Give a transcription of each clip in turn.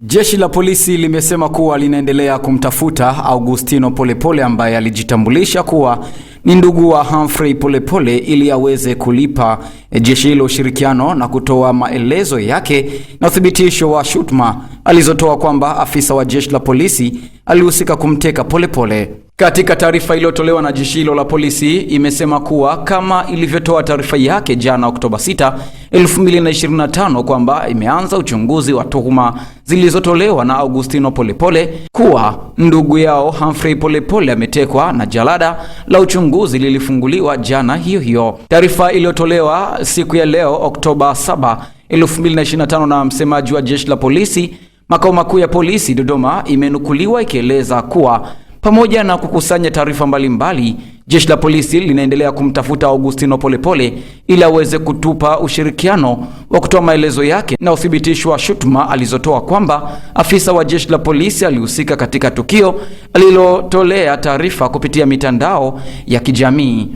Jeshi la polisi limesema kuwa linaendelea kumtafuta Augustino Polepole ambaye alijitambulisha kuwa ni ndugu wa Humphrey Polepole ili aweze kulipa eh, jeshi hilo ushirikiano na kutoa maelezo yake na uthibitisho wa shutuma alizotoa kwamba afisa wa jeshi la polisi alihusika kumteka Polepole. Katika taarifa iliyotolewa na jeshi hilo la polisi imesema kuwa kama ilivyotoa taarifa yake jana Oktoba 6, 2025 kwamba imeanza uchunguzi wa tuhuma zilizotolewa na Augustino Polepole kuwa ndugu yao Humphrey Polepole ametekwa na jalada la uchunguzi lilifunguliwa jana hiyo hiyo. Taarifa iliyotolewa siku ya leo Oktoba 7, 2025 na msemaji wa jeshi la polisi makao makuu ya polisi Dodoma imenukuliwa ikieleza kuwa pamoja na kukusanya taarifa mbalimbali, jeshi la polisi linaendelea kumtafuta Augustino Polepole ili aweze kutupa ushirikiano wa kutoa maelezo yake na uthibitisho wa shutuma alizotoa kwamba afisa wa jeshi la polisi alihusika katika tukio alilotolea taarifa kupitia mitandao ya kijamii.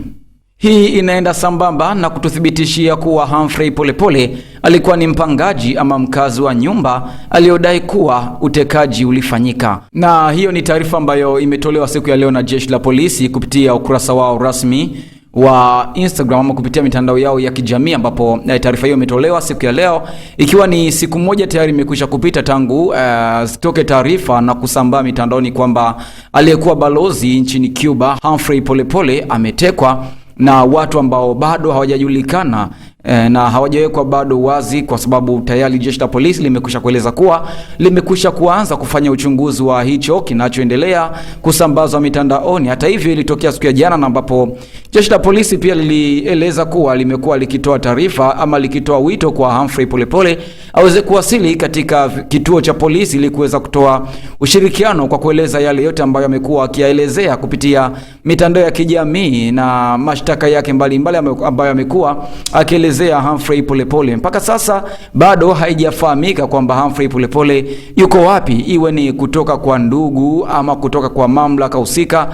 Hii inaenda sambamba na kututhibitishia kuwa Humphrey Polepole alikuwa ni mpangaji ama mkazi wa nyumba aliyodai kuwa utekaji ulifanyika. Na hiyo ni taarifa ambayo imetolewa siku ya leo na jeshi la polisi kupitia ukurasa wao rasmi wa Instagram ama kupitia mitandao yao ya kijamii ambapo eh, taarifa hiyo imetolewa siku ya leo, ikiwa ni siku moja tayari imekwisha kupita tangu uh, eh, toke taarifa na kusambaa mitandaoni kwamba aliyekuwa balozi nchini Cuba Humphrey Polepole ametekwa na watu ambao bado hawajajulikana E, na hawajawekwa bado wazi kwa sababu tayari jeshi la polisi limekwisha kueleza kuwa limekwisha kuanza kufanya uchunguzi wa hicho kinachoendelea kusambazwa mitandaoni. Hata hivyo, ilitokea siku ya jana na ambapo jeshi la polisi pia lilieleza kuwa limekuwa likitoa taarifa ama likitoa wito kwa Humphrey Polepole aweze kuwasili katika kituo cha polisi ili kuweza kutoa ushirikiano kwa kueleza yale yote ambayo amekuwa akiyaelezea kupitia mitandao ya kijamii na mashtaka yake mbalimbali ambayo amekuwa akielezea kumwelezea Humphrey Polepole. Mpaka sasa bado haijafahamika kwamba Humphrey Polepole yuko wapi, iwe ni kutoka kwa ndugu ama kutoka kwa mamlaka husika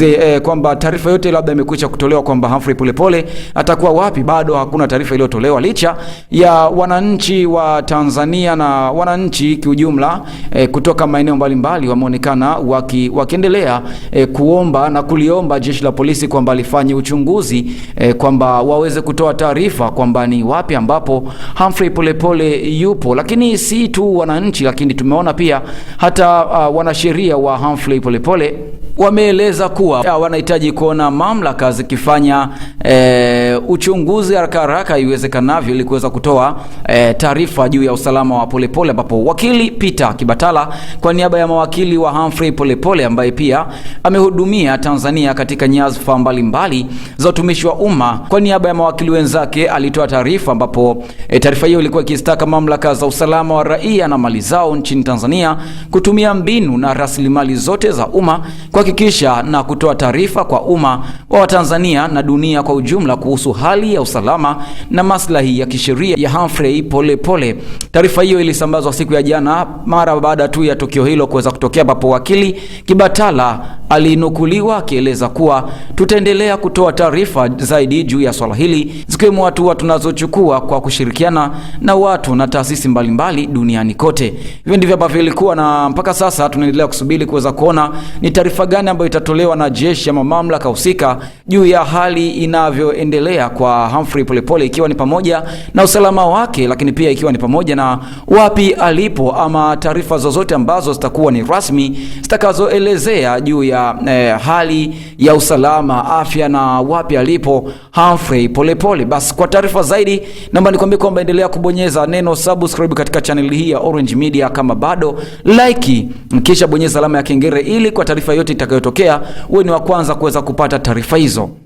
eh, kwamba taarifa yote labda imekwisha kutolewa kwamba Humphrey Polepole atakuwa wapi, bado hakuna taarifa iliyotolewa, licha ya wananchi wa Tanzania na wananchi kiujumla eh, kutoka maeneo mbalimbali wameonekana waki, wakiendelea eh, kuomba na kuliomba jeshi la polisi kwamba lifanye uchunguzi eh, kwamba waweze kutoa taarifa kwa kwamba ni wapi ambapo Humphrey Polepole yupo, lakini si tu wananchi, lakini tumeona pia hata uh, wanasheria wa Humphrey Polepole wameeleza kuwa uh, wanahitaji kuona mamlaka zikifanya e, uchunguzi haraka haraka iwezekanavyo ili kuweza kutoa e, taarifa juu ya usalama wa Polepole, ambapo wakili Peter Kibatala kwa niaba ya mawakili wa Humphrey Polepole ambaye pia amehudumia Tanzania katika nyadhifa mbalimbali za utumishi wa umma kwa niaba ya mawakili wenzake ali alitoa taarifa ambapo e, taarifa hiyo ilikuwa ikistaka mamlaka za usalama wa raia na mali zao nchini Tanzania kutumia mbinu na rasilimali zote za umma kuhakikisha na kutoa taarifa kwa umma wa Watanzania na dunia kwa ujumla kuhusu hali ya usalama na maslahi ya kisheria ya Humphrey Polepole. Taarifa hiyo ilisambazwa siku ya jana mara baada tu ya tukio hilo kuweza kutokea, ambapo wakili Kibatala alinukuliwa akieleza kuwa tutaendelea kutoa taarifa zaidi juu ya swala hili zikiwemo hatua tunazochukua kwa kushirikiana na watu na taasisi mbalimbali duniani kote. Hivyo ndivyo ambavyo ilikuwa, na mpaka sasa tunaendelea kusubiri kuweza kuona ni taarifa gani ambayo itatolewa na jeshi ama mamlaka husika juu ya hali inavyoendelea kwa Humphrey Polepole, ikiwa ni pamoja na usalama wake, lakini pia ikiwa ni pamoja na wapi alipo, ama taarifa zozote ambazo zitakuwa ni rasmi zitakazoelezea juu ya ya eh, hali ya usalama, afya na wapi alipo Humphrey Polepole. Basi kwa taarifa zaidi, naomba nikwambie kwamba endelea kubonyeza neno subscribe katika channel hii ya Orange Media, kama bado like, kisha bonyeza alama ya kengele ili kwa taarifa yote itakayotokea uwe ni wa kwanza kuweza kupata taarifa hizo.